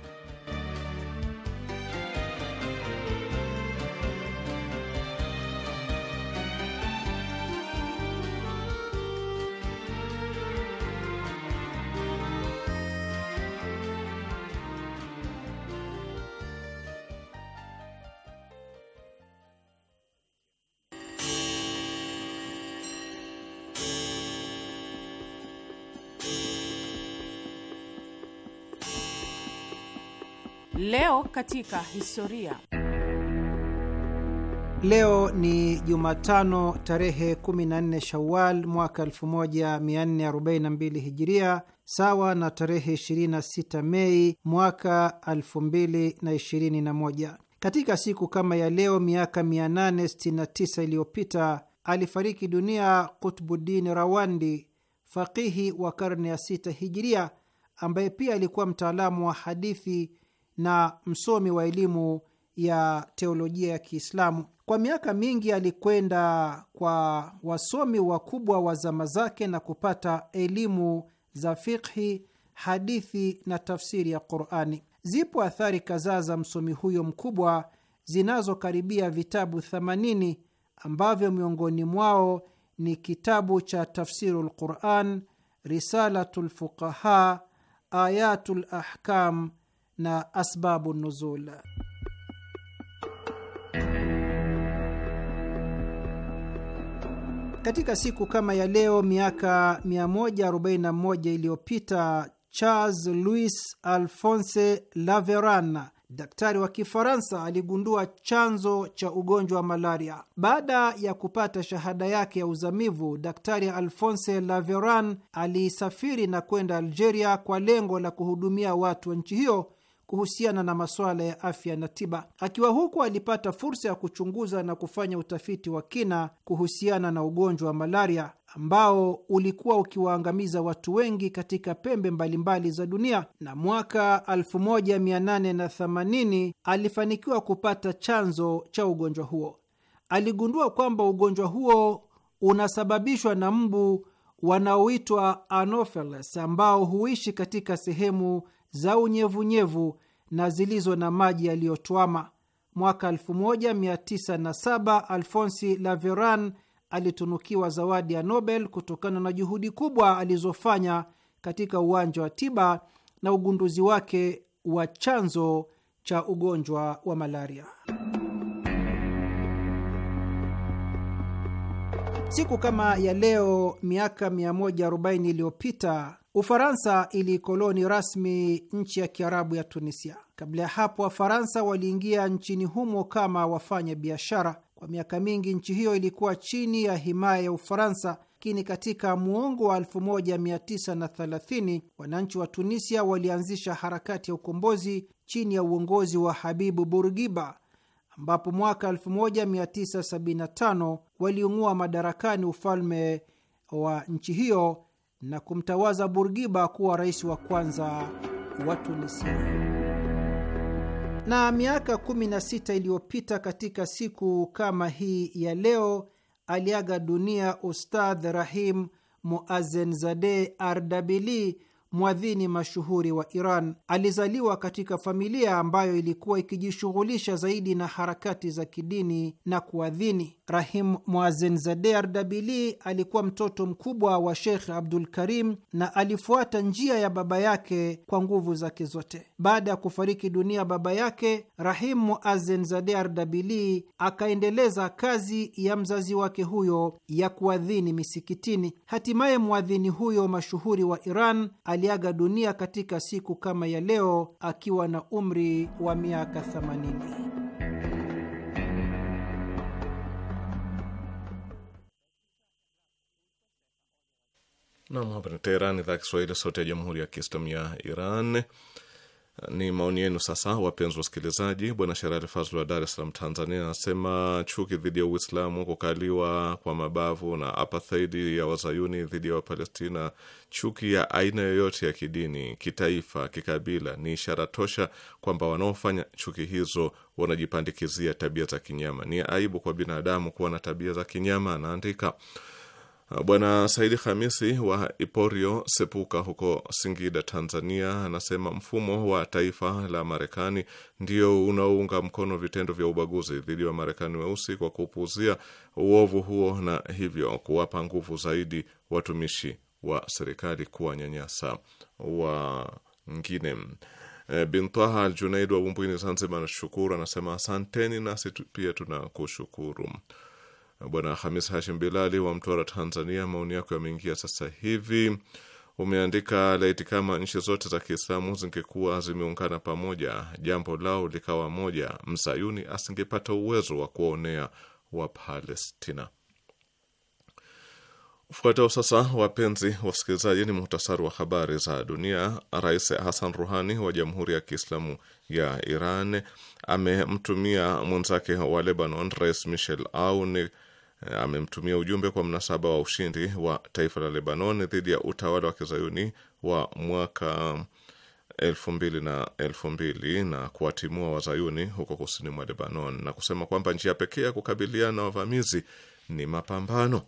Leo katika historia. Leo ni Jumatano tarehe 14 Shawal mwaka 1442 Hijiria, sawa na tarehe 26 Mei mwaka 2021. Katika siku kama ya leo miaka 869 iliyopita alifariki dunia Kutbuddin Rawandi, faqihi wa karne ya sita Hijiria, ambaye pia alikuwa mtaalamu wa hadithi na msomi wa elimu ya teolojia ya Kiislamu. Kwa miaka mingi alikwenda kwa wasomi wakubwa wa zama zake na kupata elimu za fikhi, hadithi na tafsiri ya Qurani. Zipo athari kadhaa za msomi huyo mkubwa zinazokaribia vitabu 80 ambavyo miongoni mwao ni kitabu cha Tafsiru lQuran, Risalatu lfuqaha, Ayatu lahkam na asbabu nuzul. Katika siku kama ya leo miaka 141 iliyopita Charles Louis Alphonse Laveran, daktari wa Kifaransa, aligundua chanzo cha ugonjwa wa malaria. Baada ya kupata shahada yake ya uzamivu, Daktari Alphonse Laveran alisafiri na kwenda Algeria kwa lengo la kuhudumia watu wa nchi hiyo kuhusiana na masuala ya afya na tiba. Akiwa huko, alipata fursa ya kuchunguza na kufanya utafiti wa kina kuhusiana na ugonjwa wa malaria ambao ulikuwa ukiwaangamiza watu wengi katika pembe mbalimbali za dunia, na mwaka 1880 alifanikiwa kupata chanzo cha ugonjwa huo. Aligundua kwamba ugonjwa huo unasababishwa na mbu wanaoitwa Anopheles ambao huishi katika sehemu za unyevunyevu na zilizo na maji yaliyotwama. Mwaka 1907 Alfonsi Laveran alitunukiwa zawadi ya Nobel kutokana na juhudi kubwa alizofanya katika uwanja wa tiba na ugunduzi wake wa chanzo cha ugonjwa wa malaria. Siku kama ya leo miaka 140 iliyopita Ufaransa ilikoloni rasmi nchi ya kiarabu ya Tunisia. Kabla ya hapo, Wafaransa waliingia nchini humo kama wafanya biashara. Kwa miaka mingi, nchi hiyo ilikuwa chini ya himaya ya Ufaransa, lakini katika muongo wa 1930 wananchi wa Tunisia walianzisha harakati ya ukombozi chini ya uongozi wa Habibu Burgiba, ambapo mwaka 1975 waliung'ua madarakani ufalme wa nchi hiyo na kumtawaza Burgiba kuwa rais wa kwanza wa Tunisia. Na miaka 16 iliyopita katika siku kama hii ya leo aliaga dunia Ustadh Rahim Muazenzade Ardabili, mwadhini mashuhuri wa Iran. Alizaliwa katika familia ambayo ilikuwa ikijishughulisha zaidi na harakati za kidini na kuadhini. Rahim Muazenzade Ardabili alikuwa mtoto mkubwa wa Sheikh Abdul Karim na alifuata njia ya baba yake kwa nguvu zake zote. Baada ya kufariki dunia baba yake, Rahim Muazenzade Ardabili akaendeleza kazi ya mzazi wake huyo ya kuadhini misikitini. Hatimaye mwadhini huyo mashuhuri wa Iran aliaga dunia katika siku kama ya leo akiwa na umri wa miaka 80. Nam, hapa ni Teheran, idhaa Kiswahili, sauti ya jamhuri ya kiislamu ya Iran. Ni maoni yenu sasa, wapenzi wasikilizaji. Bwana Sherali Fazl wa Dar es Salaam, Tanzania, anasema chuki dhidi ya Uislamu, kukaliwa kwa mabavu na apartheid ya wazayuni dhidi ya Wapalestina, chuki ya aina yoyote ya kidini, kitaifa, kikabila ni ishara tosha kwamba wanaofanya chuki hizo wanajipandikizia tabia za kinyama. Ni aibu kwa binadamu kuwa na tabia za kinyama, anaandika. Bwana Saidi Hamisi wa Iporio Sepuka huko Singida, Tanzania, anasema mfumo wa taifa la Marekani ndio unaounga mkono vitendo vya ubaguzi dhidi ya wa Marekani weusi kwa kupuuzia uovu huo na hivyo kuwapa nguvu zaidi watumishi wa serikali kuwanyanyasa wengine. E, Bintaha Junaid wa Bumbwini, Zanzibar, anashukuru anasema asanteni, nasi pia tunakushukuru. Bwana Hamis Hashim Bilali wa Mtwara, Tanzania, maoni yako yameingia sasa hivi. Umeandika, laiti kama nchi zote za Kiislamu zingekuwa zimeungana pamoja, jambo lao likawa moja, msayuni asingepata uwezo wa kuwaonea wa Palestina. Ufuatao sasa, wapenzi wasikilizaji, ni muhtasari wa habari za dunia. Rais Hassan Ruhani wa Jamhuri ya Kiislamu ya Iran amemtumia mwenzake wa Lebanon, Rais Michel Aoun amemtumia ujumbe kwa mnasaba wa ushindi wa taifa la Lebanon dhidi ya utawala wa kizayuni wa mwaka elfu mbili na elfu mbili na kuwatimua wazayuni huko kusini mwa Lebanon na kusema kwamba njia pekee ya kukabiliana na wavamizi ni mapambano.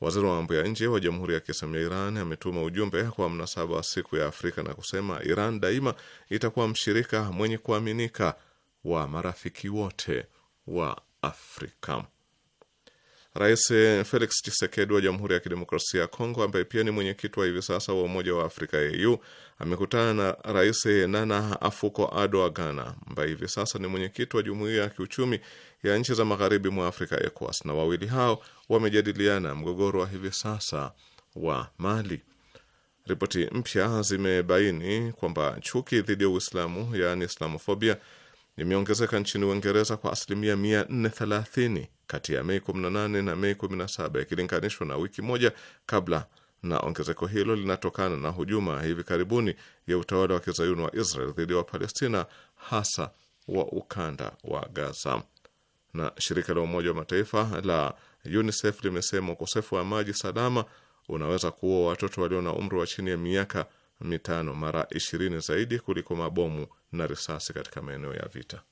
Waziri wa mambo ya nje wa Jamhuri ya Kiislamu ya Iran ametuma ujumbe kwa mnasaba wa siku ya Afrika na kusema Iran daima itakuwa mshirika mwenye kuaminika wa marafiki wote wa Afrika. Rais Felix Tshisekedi wa Jamhuri ya Kidemokrasia ya Kongo, ambaye pia ni mwenyekiti wa hivi sasa wa Umoja wa Afrika AU, amekutana na Rais Nana afuko Ado wa Ghana, ambaye hivi sasa ni mwenyekiti wa Jumuiya ya Kiuchumi ya Nchi za Magharibi mwa Afrika ECOWAS, na wawili hao wamejadiliana mgogoro wa hivi sasa wa Mali. Ripoti mpya zimebaini kwamba chuki dhidi ya Uislamu, yaani islamofobia limeongezeka nchini Uingereza kwa asilimia 430 kati ya Mei 18 na Mei 17 ikilinganishwa na wiki moja kabla, na ongezeko hilo linatokana na hujuma hivi karibuni ya utawala wa kizayuni wa Israel dhidi ya Wapalestina, hasa wa ukanda wa Gaza. Na shirika la Umoja wa Mataifa la UNICEF limesema ukosefu wa maji salama unaweza kuua watoto walio na umri wa chini ya miaka mitano mara ishirini zaidi kuliko mabomu na risasi katika maeneo ya vita.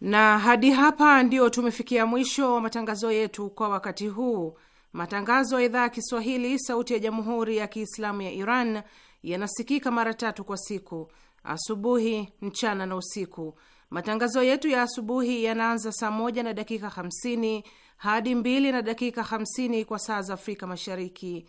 Na hadi hapa ndio tumefikia mwisho wa matangazo yetu kwa wakati huu. Matangazo ya idhaa ya Kiswahili sauti ya jamhuri ya Kiislamu ya Iran yanasikika mara tatu kwa siku: asubuhi, mchana na usiku. Matangazo yetu ya asubuhi yanaanza saa moja na dakika hamsini hadi mbili na dakika hamsini kwa saa za Afrika Mashariki